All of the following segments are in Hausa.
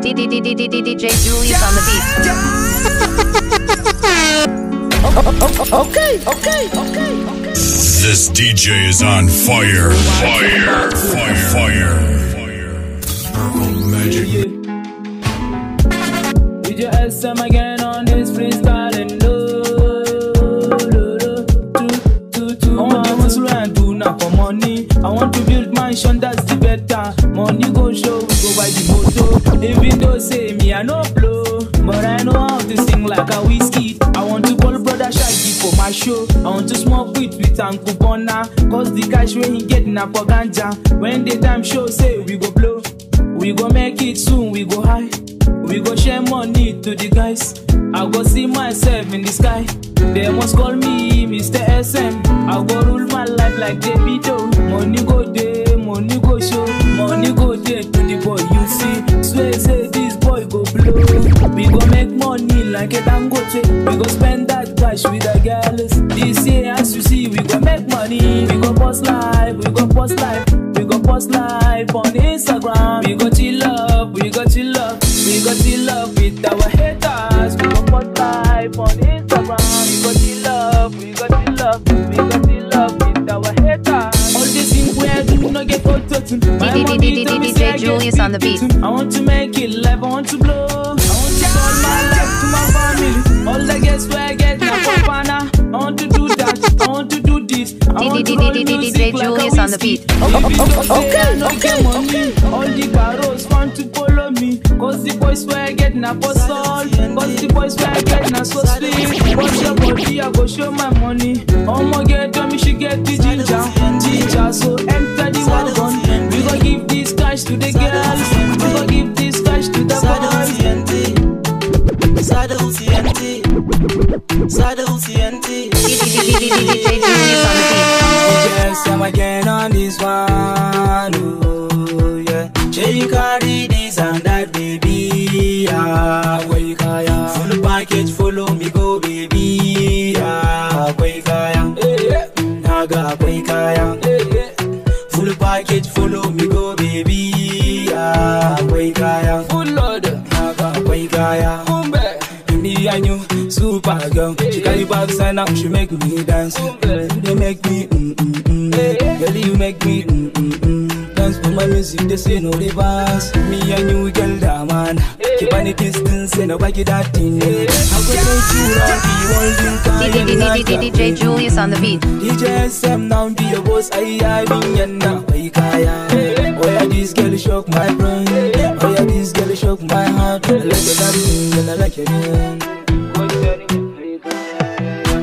DJ Julius on the beat. Okay, okay, okay, okay. This DJ is on fire, fire, fire, fire, Purple magic. DJ SM again. na for money. I want to build mansion that's the better. Money go show, we go buy the motor. Even though say me I no blow, but I know how to sing like a whiskey. I want to call brother Shaggy for my show. I want to smoke weed with Uncle Bona. Cause the cash when he get na for ganja. When the time show say we go blow, we go make it soon, we go high. We go share money to the guys. I go see myself in the sky. They must call me Mr. SM. I go rule my life like David O. Money go day, money go show, money go day to the boy. You see, swear say this boy go blow. We go make money like a dangote. We go spend that cash with the girls. This year, as you see, we go make money. We go post life, we go post life, we go post life on Instagram. We go chill up, we go chill up, we go chill up. DJ Julius on the beat. I want to make it live, I want to blow. I want to call my check to my family. All I get where I get now for I want to do that, I want to do this. DJ Julius on the beat. Okay, okay, okay. All the barrels want to follow me. Cause the boys where I get now for soul. Cause the boys where I get now so sweet. Watch your body, I go show my money. Oh my god, tell me she get the ginger. Ginger, so to the girls. We gon' give this cash to the boys. Sado CNT, Sado CNT, Yes, I'm again on this one. Oh yeah, Jay, carry this and that, baby. Yeah, where you kaya? Full package, follow me, go, baby. Yeah, where you kaya? Eh, eh. Naga, where you kaya? Eh, Full package, follow me, go akwai full load haka kumbe me and you super girl she carry back sign up she make me dance you make me mm mm mm girl you make me mm mm mm dance for my music they say no reverse me and you girl da man keep on the distance and nobody that thing how could they do all the one thing DJ Julius on the beat DJ Sam now be your boss I I mean and now Oh yeah, this girl shock my brain. Oh yeah, this girl shock my heart. I like your daddy and I like your man.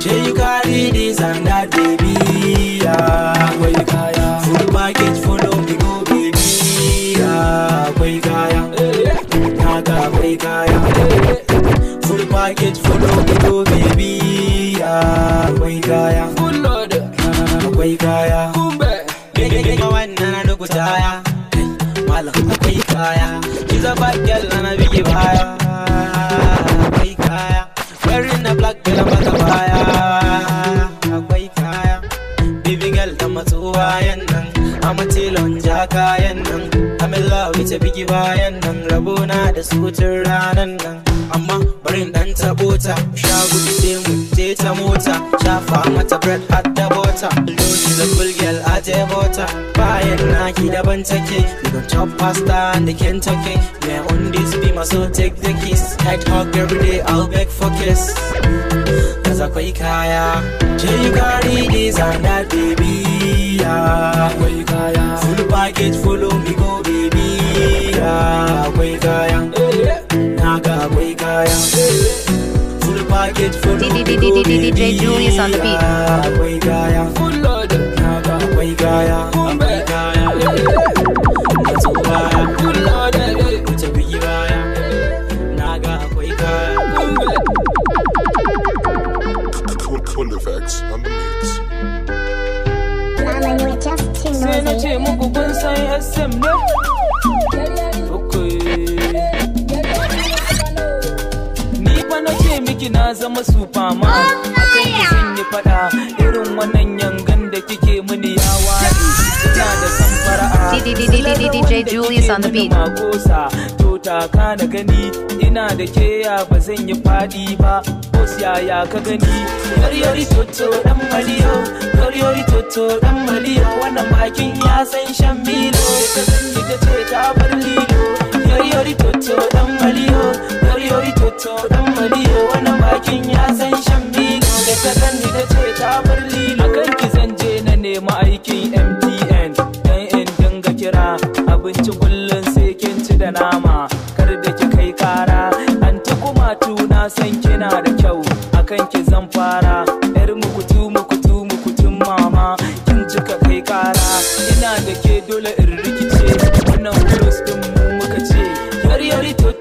Say you carry this and that, baby. Yeah, where you kaya? Full package, full of the go, baby. Yeah, where you where you kaya? Full package, full of the ta bigi bayan nan rabona da sutun ranan nan amma barin dan tabo ta sha gudu sai mu je ta mota shafa mata bread at the bota lodi da bulgel a je bota bayan naki daban take da chop pasta and the kentucky may on this be my so take the kiss tight hug every day i'll beg for kiss cause akwai kaya je you carry this and that baby yeah akwai kaya full package follow me go kaya akwai kayan naka akwai kayan full package full DJ Julius on the akwai kaya naka akwai kaya zama superman akan ki zan yi fada irin wannan yangan da kike mini ya ware kina da samfara a DJ Julius on the beat to taka da gani ina da ke ya ba zan yi fadi ba yaya ka gani yoryori toto dan maliyo yoryori toto dan maliyo wannan bakin ya san shan milo da ta zanyi ta ce ta bar lilo yori yori toto dan maliyo yori yori toto dan maliyo wannan bakin ya san shan biyu? da ta ni da ce ta bar lilo kar ki je na nema aikin MTN dan in dinga kira abinci kullum sai kin ci da nama kar da ki kai kara an ta kuma tuna san kina da kyau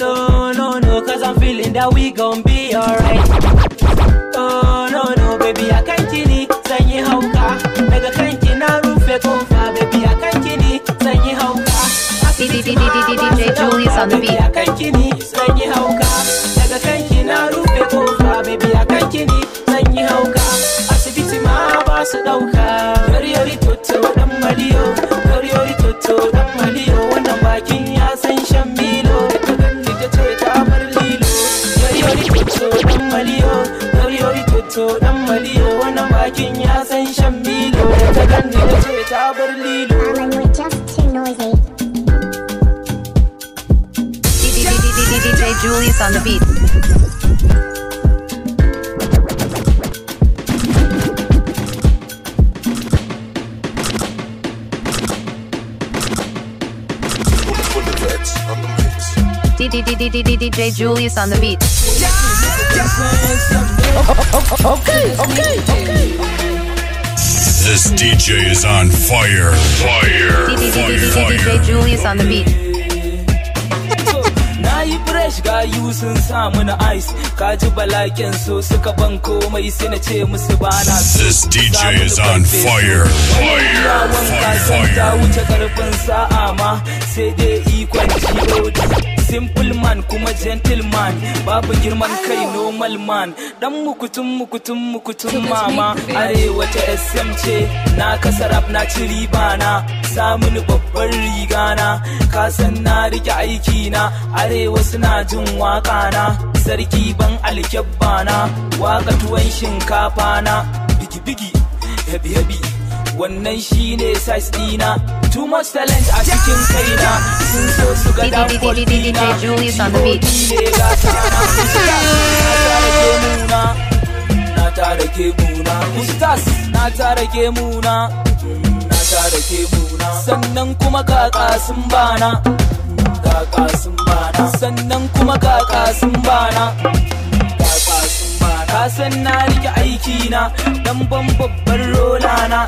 Oh, no, no, cause I'm feeling that we gon' be alright. Oh, no, no, baby, I can't say you chili, sanyi hauka. Mega roof na rufe far, baby, I can't say you chili, sanyi hauka. DJ Julius on the beat. I can't say you chili, sanyi hauka. Mega roof na rufe far, baby, I can't say you how chili, sanyi hauka. Asibiti ma don't dauka. Yori yori toto dan maliyo, yori yori toto dan maliyo. so dan bakin ya san shan da ta da ce ta bar lilo DJ Julius on the beat. DJ Julius on the beat. Okay, okay, This DJ is on fire. Fire. DJ Julius on the beat. ga yu sun sa mana ice ka ji balaken suka ban komai sai na ce musu this dj is on fire fire fire simple man kuma gentleman babu girman kai normal man dan mukutun mukutun mukutun mama arewa ta SM ce na kasa rap na ci riba na samun babbar riga na kasan na rike aiki na arewa suna jin waka na sarki ban alkyabba na waka tuwon shinkafa na bigi bigi hebi hebi wannan shine size dina too much talent a cikin kaina sun so su ga downfall dina ne gata na na tara gemuna ustaz na tara gemuna na tara gemuna sannan kuma kaka sun bana kaka sun bana sannan kuma kaka sun bana kasan na rike aiki na dan ban babban rola na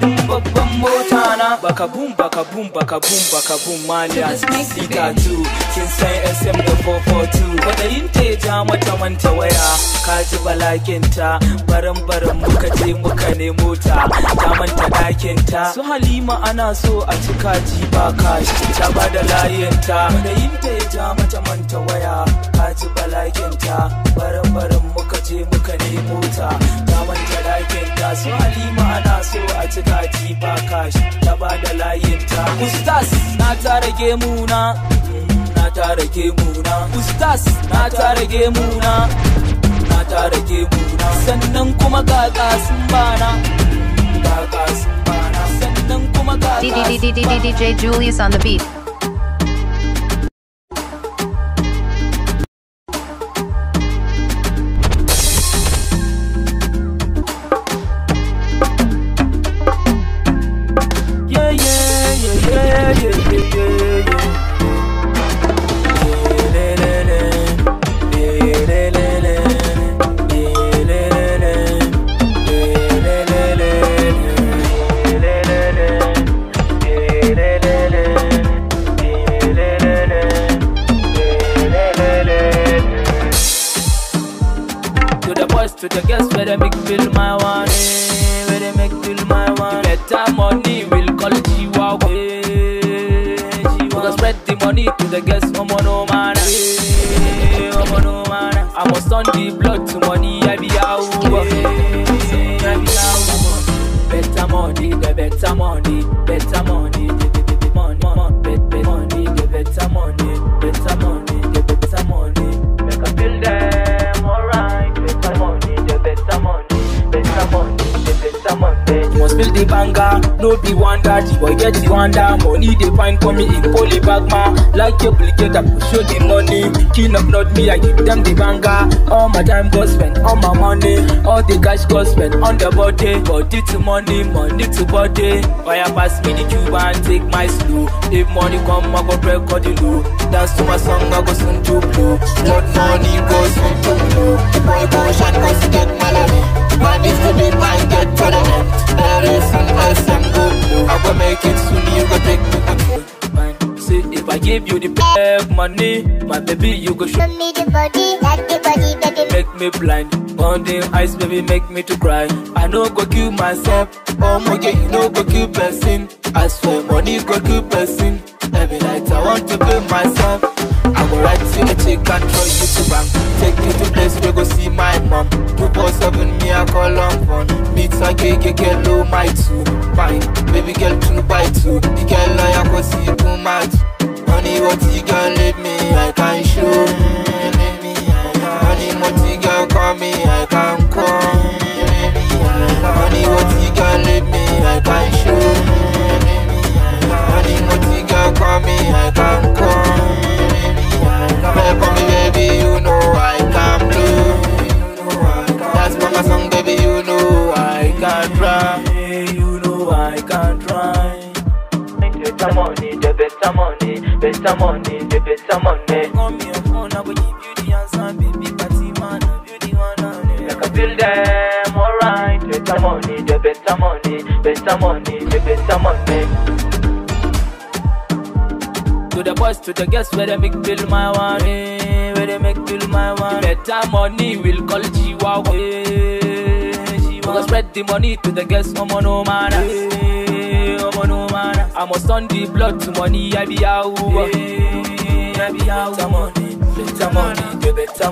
dan babban mota na baka bum baka bum baka bum baka bum maliya sita tu kin sai sm da 442 kwadayin te ja mata manta waya ka ji ta baran baran muka je muka ne mota, ta manta ta su halima ana so a cika ji ba shi ta ba da layinta kwadayin te ja mata manta waya ka ji balakinta ci kaki ba kashi ta ba da layin ta Ustaz na tara muna. na tara muna. Ustaz na tara muna. na tara muna. sannan kuma ga kasin bana ga kasin bana sannan kuma ga DJ Julius on the beat To the guests where they make feel my one eh, Where they make feel my one Better money will call it wow eh, gonna spread the money to the guests Omo oh, no man eh, Omo oh, no man I must turn the blood to money I be out eh, I be out eh. Better money, the better money, better money just feel the banger. No be wonder, the boy get the wonder. Money they find for me in poly bag Like your blanket, I push you the money. King of not me, I give them the banger. All my time go spend on my money. All the cash go spend on the body. Body to money, money to body. Fire pass me the cube and take my slow. If money come, I go break all the low. Dance to my song, I go soon to blow. What money goes soon to blow. The boy go shot, go get melody. Money to be mine, get to the end. Eh less and less and I go make it soon, you go take the control See, if I give you the bag money My baby, you go show me the body Like the body, baby Make me blind Bonding eyes, baby, make me to cry I know go kill myself Oh my god, you know go kill person I swear money go do person. Every night I want to be myself. I go write to a chick and throw you to bank. Take you to place where go see my mom. Two four seven me I call on phone. Meet a gay gay girl low my two. Fine, baby girl two by two. The girl I go see too much. Honey what you gonna leave me? I can't show. Honey what you gonna call me? I can't call. Honey what you gonna leave me? I can't show. Call me, I can come. Pray for me, baby, you know I can play. That's my song, baby, you know I can try. You know I can try. Better money, the better money, better money, the better money. Call me your phone, I will give you the answer, baby. Party man, I'll the one on it. I can feel them, alright. Better money, the better money, better money. to the guests where they make bill my one, eh, where they make bill my one. Better money will call Chihuahua. Eh, Chihuahua. spread the money to the guests, no more no man. Eh, no more no man. I to send the blood to money, I be a Eh, I be a Better money, better money, the better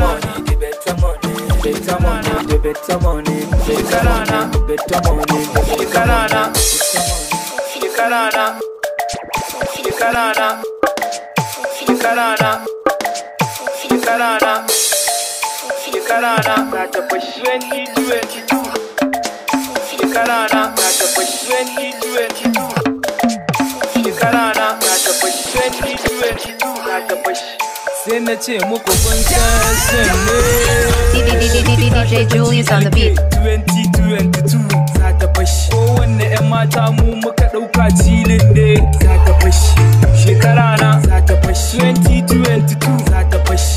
money, better money, the better money. Better money, the better money, better money, better money, better money, better money. Sarana. Sarana. Sarana. Sarana. Na tafi twenty twenty two. Sarana. Na tafi twenty twenty two. Sarana. Na tafi twenty twenty two. Na tafi. Sai na ce muku kun san ne. DJ Julius on the beat. 2022 za ta fashi. Kowanne 'yan mata mu muka ɗauka cilin ɗe za ta fashi shekara na za ta fashi 2022 za ta fashi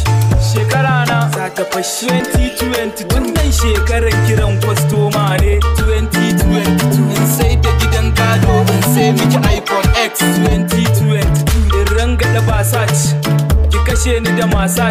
shekara na za ta fashi 2022 wannan shekaran kiran kwastoma ne 2022 in sai da gidan gado in sai miki iphone x 2022 in rangada ba ci. ki kashe ni da masa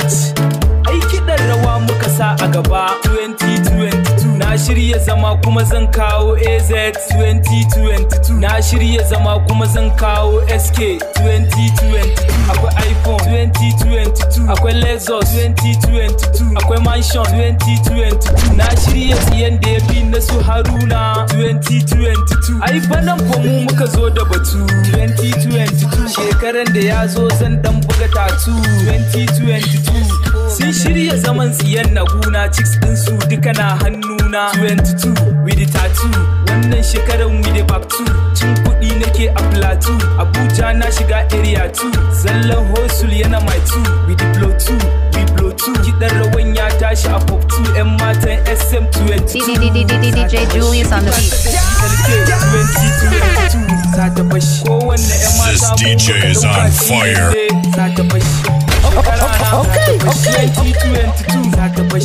ai kiɗan rawa muka sa a gaba 2020 na shirya zama kuma zan kawo az 2022 na shirya zama kuma zan kawo sk 2022 akwai iphone 2022 akwai lexus 2022 akwai mansion 2022 na shirya tsiyan da ya bi na su haruna 2022 ai fanan ko mu muka zo da batu 2022 shekaran da ya zo zan dan buga tatu 2022 sun shirya zaman tsiyan na guna chicks din su duka na hannuna 22 with the tattoo wannan shekarar with the back two cin kuɗi nake a plateau abuja na shiga area 2 zallan hosul yana my two with the blow two we blow two kiɗan rawan ya tashi a pop two yan matan sm 22 DJ Julius on the beat. This DJ is zata bashi. shekara na okay okay 2022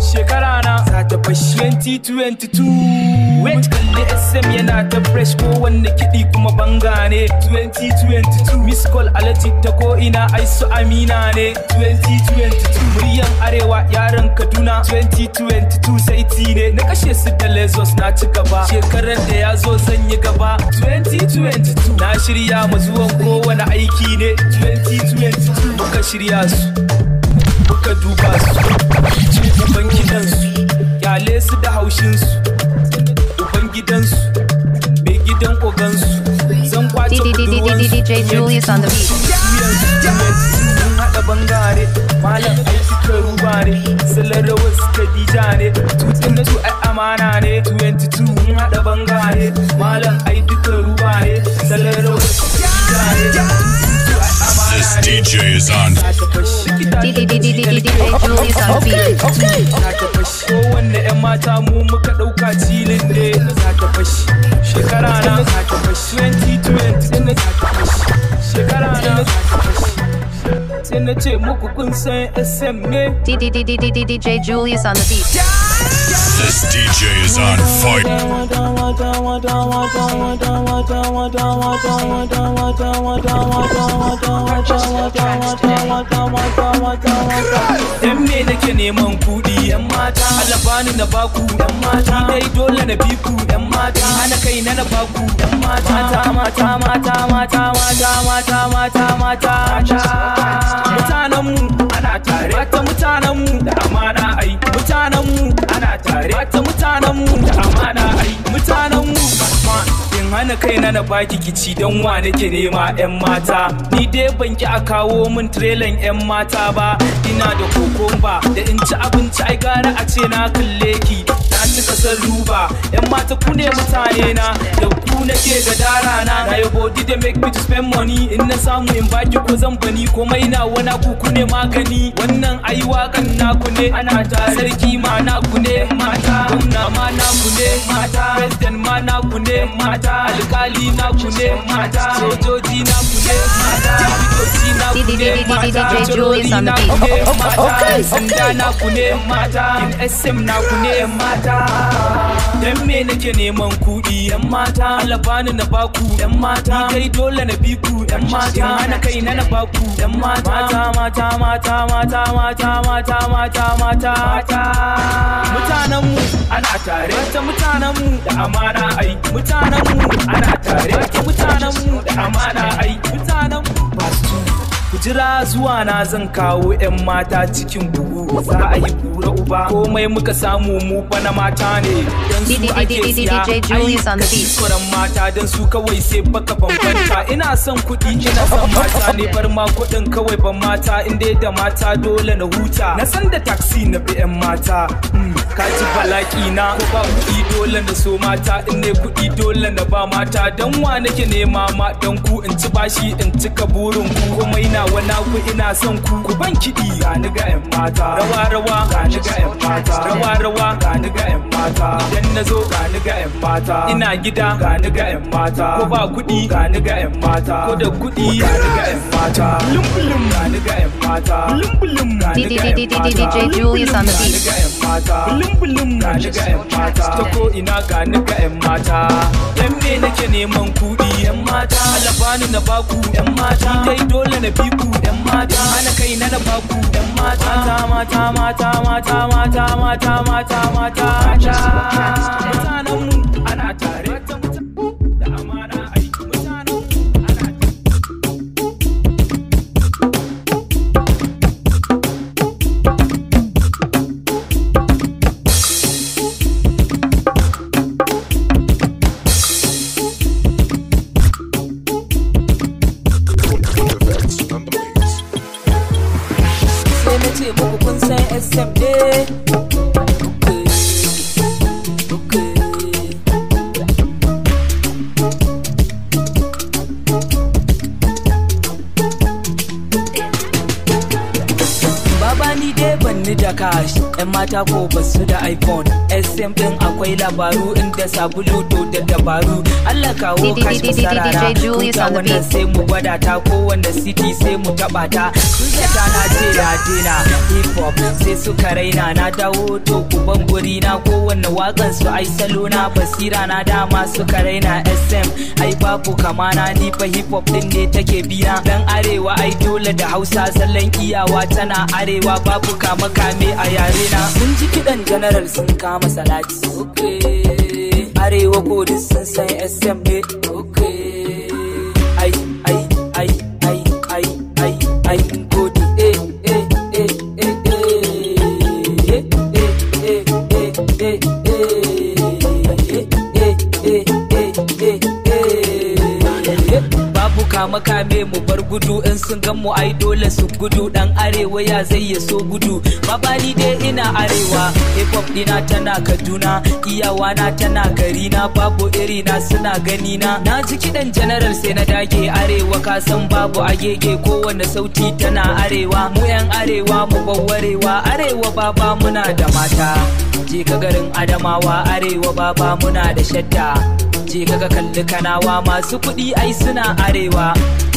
shekara na za ta 2022 wet kalli sm yana ta fresh ko wanne kiɗi kuma banga ne 2022 miss call alati ta ko ina ai amina ne 2022 yaran kaduna 2022 sai ti ne na kashe su da lesos na ci gaba shekarar da ya zo zan yi gaba 2022 na shirya ma zuwan kowane aiki ne 2022 muka shirya su muka duba su uban gidansu yale su da haushinsu gidan gidansu mai gidan su zan kwace kuduwansu DJ Julius on the beat. bangare malam aiki ka ruwa ne rawar dija ne tutun na ai amana ne 22 mun haɗa bangare malam ruwa ne rawar dija ne This DJ is on. Wanda 'yan mata mu muka 2020 da kun DJ Julius on the beat This DJ is on fire ke neman kuɗi yan mata Allah na baku yan mata dai dole na bi ku yan mata ana kai na na baku yan mata mata mata mata mata mata mata mata mata mata mu ana tare da amana ai ana tare da amana ai mutanen mu in hana kaina na baki kici don wa nake nema yan mata ni dai ban ki a kawo min trailer yan mata ba ina da kokomba da in ci abinci ai gara a ce na kalle ki na cika san ruba yan mata ku ne mutane na da ku nake ga dara na na your body make me to spend money in na samu in baki ko zan bani komai na wana ku ku ne magani ni wannan ai na naku ne ana ta sarki ma naku ne mata gwamna ma naku ne mata president ma naku ne mata alkali naku ne mata sojoji naku ne mata DJ Julius Dan me nake neman kuɗi yan mata, alabani na baku mata, kai dole na bi ku mata, na kai na na baku mata. Mata, mata, mata, mata, mata, mata, mata, mata. Mutanen mu ana tare, mutanen mu da amana ai. Mutanen mu ana tare, mutanen mu da amana ai. Mutanen mu ku jira zuwa na zan kawo 'yan mata cikin buhu za a yi kura uba komai muka samu mu bana mata ne don su ake siya ayyukan kuran mata don su kawai sai baka bambanta ina son kuɗi ina son mata ne bar ma kuɗin kawai ban mata inda da mata dole na huta na san da taxi na bi 'yan mata hmm, kaji balaki na ko ba kuɗi dole na so mata in ne kuɗi dole na ba mata don wa nake nema ma don ku in ci bashi in cika burin ku komai na ina wana ku ina son ku ku ban kiɗi ga ni ga 'yan mata rawa rawa ga ni ga 'yan mata rawa rawa ga ni ga 'yan mata idan na zo ga ni ga yan mata ina gida ga ni ga yan mata ko ba kuɗi ga ni ga yan mata ko da kuɗi ga ni ga yan mata lumbulum ga ni ga yan mata lumbulum ga ni ga yan mata DJ Julius on the beat ga yan mata lumbulum ga ni ga yan mata to ko ina ga ni ga yan mata dan me nake neman kuɗi yan mata alabani na baku yan mata dai dole na bi ku yan mata ana kai na na baku yan mata mata mata mata mata mata mata mata mata ana ta iphone SM sample akwai labaru in da sabulu to da dabaru Allah kawo kashi sarara kuta wannan sai mu gwada ta kowanne city sai mu taba ta sun ta na ce dina hip hop sai suka raina na dawo to kuban guri na kowane wakan su ai salo na basira na dama suka raina SM ai babu kama na ni fa hip hop din ne take bina dan arewa ai dole da Hausa zallan iyawa tana arewa babu kama kame a yare na mun ji kidan general sun kama salati okay arewa ko duk sun san smb kame kame mu bar gudu in sun gan mu ai dole su gudu dan arewa ya zai ya so gudu mabani dai ina arewa hip hop dina tana kaduna iyawa na tana gari na babu iri na suna gani na na ji kidan general sai na dage arewa ka san babu agege kowane sauti tana arewa mu yan arewa mu bawarewa arewa baba muna da mata je ka garin adamawa arewa baba muna da shadda je kaga kalli kanawa masu kuɗi ai suna arewa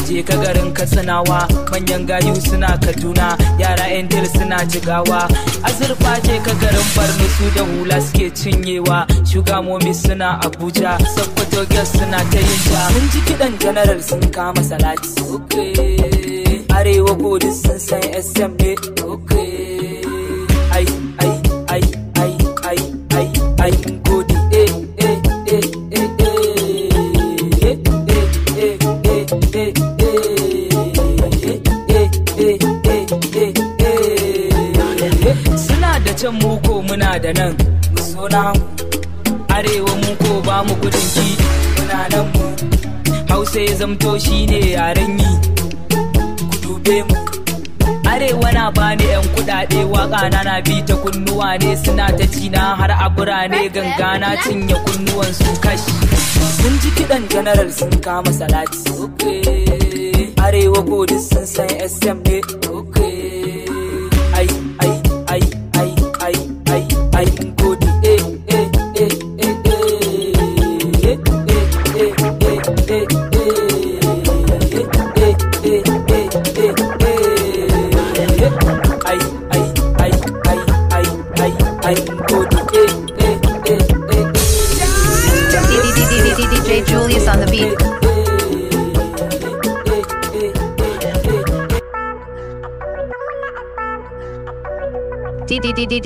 je ka garin katsinawa manyan gayu suna kaduna yara yan dil suna jigawa azurfa je ka garin barno su da hula suke cinyewa shugamomi suna abuja sokoto gas suna ta yin ja mun ji kiɗan general sun kama salati arewa kudu sun san sm ne da nan mu suna mu arewa mu ko ba mu gudun ki muna nan mu hausa ya zamto shi ne yaren yi ku dube mu arewa na bani yan kudade waka na na bi ta kunnuwa ne suna ta cina har a ganga na cinye kunnuwan su kashi sun ji kidan general sun kama salati arewa godis sun san sm ne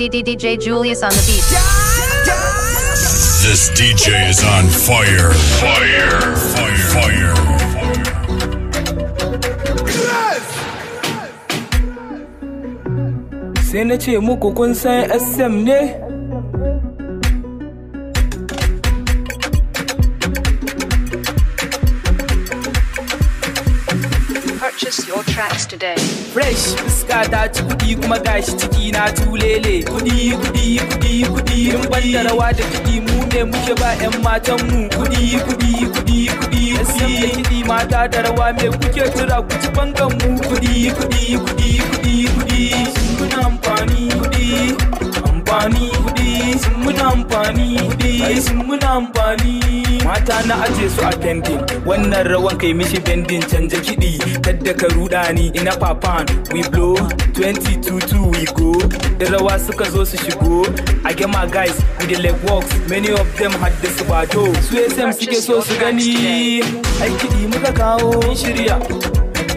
DJ Julius on the beat. This DJ is on fire. Fire. Fire. Fire. sai na ce muku kun san sm ne shi ciki na tulele kudi kudi kudi kudi in banda rawa da kudi mu ne muke ba yan matan mu kudi kudi kudi kudi kudi mata da rawa me kuke tura ku ci bangan mu kudi kudi kudi kudi kudi sun amfani kudi amfani kudi kuɗi sun muna amfani kuɗi sun muna amfani mata na aje su a pending wannan rawan kai mishi bending canja kiɗi kadda ka ruɗa ni ina papan we blow 2022 we go da rawa suka zo su shigo a gama guys with the leg walks many of them had the subato su sm suke so su gani ai kiɗi muka kawo shirya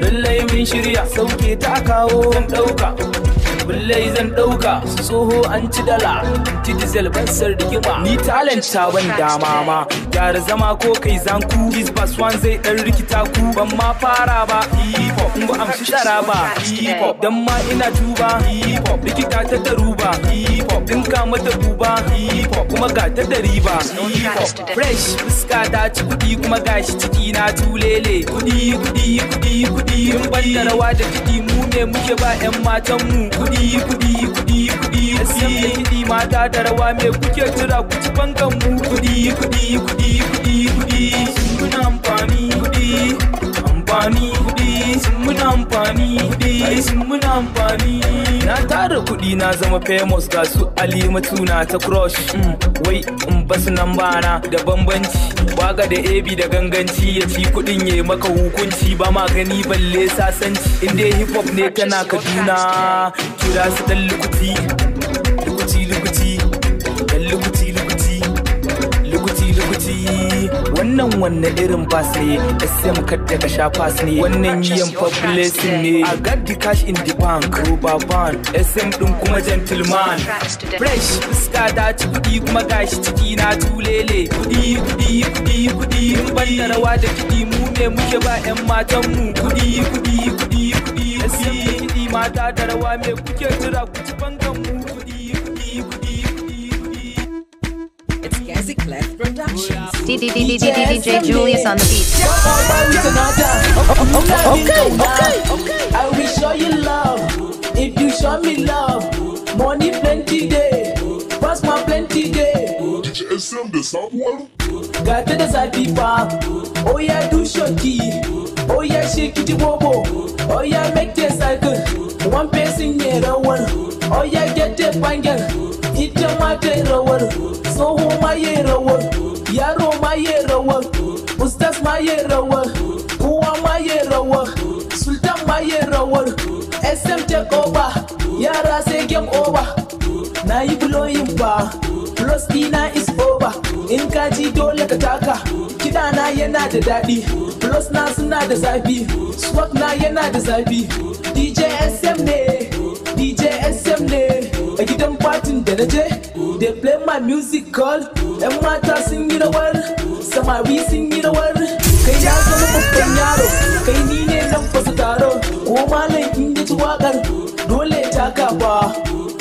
lallai mun shirya sauke ta kawo ɗauka bullai zan ɗauka su tsoho an ci dala ci diesel ban san rigima ni talent ta ban dama ma gyara zama ko kai zanku is bas one zai ɗan rikita ku ban ma fara ba hip hop in ba amshi tsara ba hip hop dan ma ina tuba hip hop rikita ta ba. hip hop din ka mata buba hip kuma ga ta da riba fresh fuska ta ci kuɗi. kuma ga shi ciki na tulele kuɗi kuɗi kuɗi kuɗi. mun banda rawa da kudi mu ne muke ba yan matan mu kuɗi kudi kudi kudi kudi kudi mata da rawa me kuke tura ku ci bangan mu kudi kudi kudi kudi kudi sun amfani kudi amfani kudi sun muna amfani kuɗi eh, sun muna amfani na tara kuɗi na zama famous ga su alimatu na ta crush mm. wai in basu nan bana da bambanci waga da AB da ganganci ya ci kuɗin ya maka hukunci ba ma gani balle sasanci in dai hip hop ne tana kaduna kira su dan lukuti wannan wanne irin pass ne sm kad daga sha pass ne wannan yiyan fa ne i got the cash in the bank roba ban sm din kuma gentleman fresh fuska da ci kudi kuma gashi ciki na tulele kudi kudi kudi kudi ban da rawa da kudi mu ne muke ba yan matan mu kudi kudi kudi kudi kudi mata da rawa me kuke jira ku ci bangan mu kudi kudi kudi Music Left Productions. DJ Julius on the beat. Okay, okay, okay. I will show you love if you show me love. Money plenty day, plenty day. the oh yeah do oh yeah shake it oh yeah make the cycle. One person the oh, yeah get the banger. ma rawar tsoho ma yi rawar yaro ma yi rawar ustaz ma yi rawar kowa ma yi rawar sultan ma yi rawar sm take over yara sai game over na yi blowing ba plus dina is over in ka ji dole ka taka kidana yana da daɗi plus na suna da zafi swag na yana da zafi dj sm ne dj sm ne a gidan fatin da na je They play my music call, ‘yan mata sun yi rawar, samari sun yi rawar. Kai na zama babban yaro, kai ni ne nan fasa taro, ko malam in ji waƙar dole ta kafa.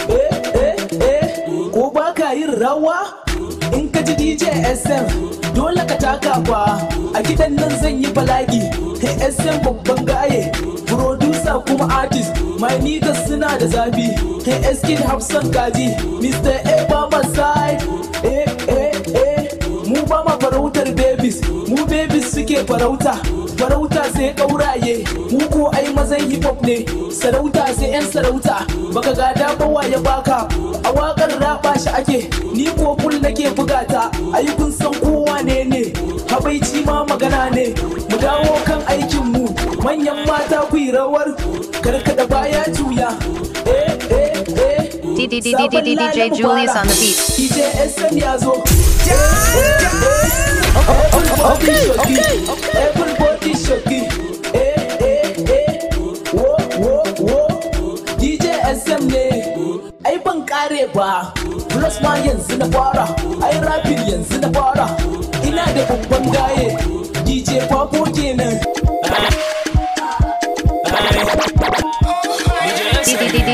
Eh, eh, eh, ko ba ka yin rawa? in ka ji dj sm dole ka taka kwa a gidan nan zan yi balagi sm babban gaye producer kuma artist mai niggas suna da zafi eskin hafsan kaji mr a side eh, eh. ba ma farautar babies mu babies suke farauta farauta sai ɗauraye mu ko ai mazan hip hop ne sarauta sai yan sarauta baka gada bawa ya baka a wakar raba shi ake ni ko kul nake bugata ai kun san kowa ne ne habaici ma magana ne mu dawo kan aikin mu manyan mata ku rawar karkada baya juya eh DJ Julius on the beat. DJ Esenyazo. Okay,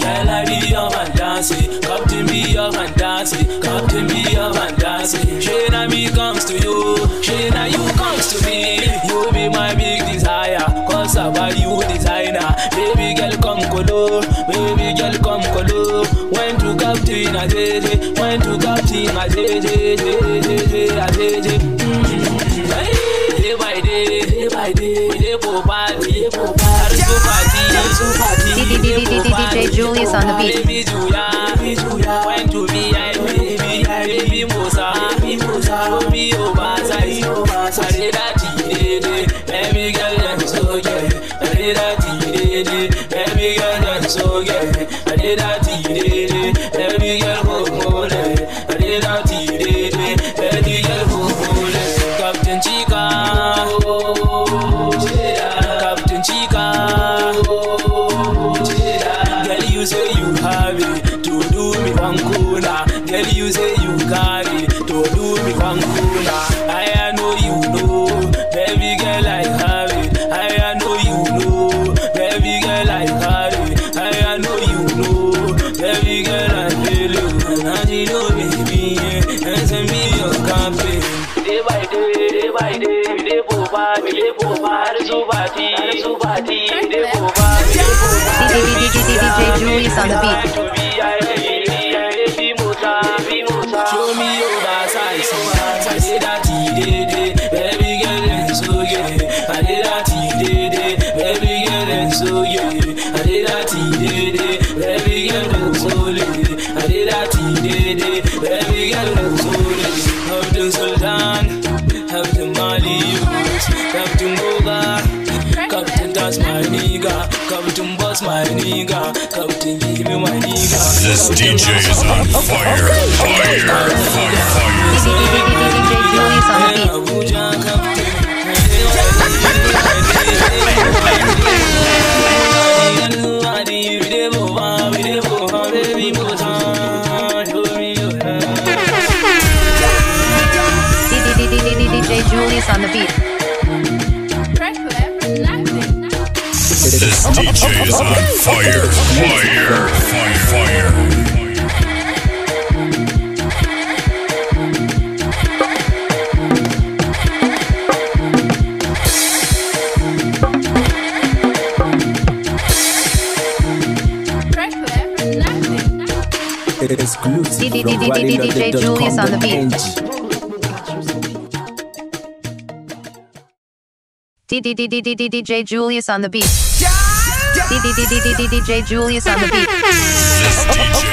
Girl, I be your man, dancing, Come to me, your man, dancing, Come to me, your man, dancing. Shana me comes to you, Shana you comes to me. You be my big desire, cause I buy you designer. Baby girl come colo, baby girl come colo. When to Captain a day, when to Captain a day, day, day, day, day, DJ Julius on the beat. one cooler. Girl, you say you got it, to do me one cooler. I, I know you know, baby girl, I have it. I, I know you know, baby girl, I have it. I, I know you know, baby girl, I feel you. And I know, baby, and send me your campaign. Day by day, day by day, we day over, we day over, Arzubati, Arzubati, we day over. DJ Julius on the beat. DJ is on fire, fire, fire, fire. fire. DJ's on fire, fire, fire, fire. Exclusive DJ Julius on the beat. DJ Julius on the beat. DJ Julius on the beat.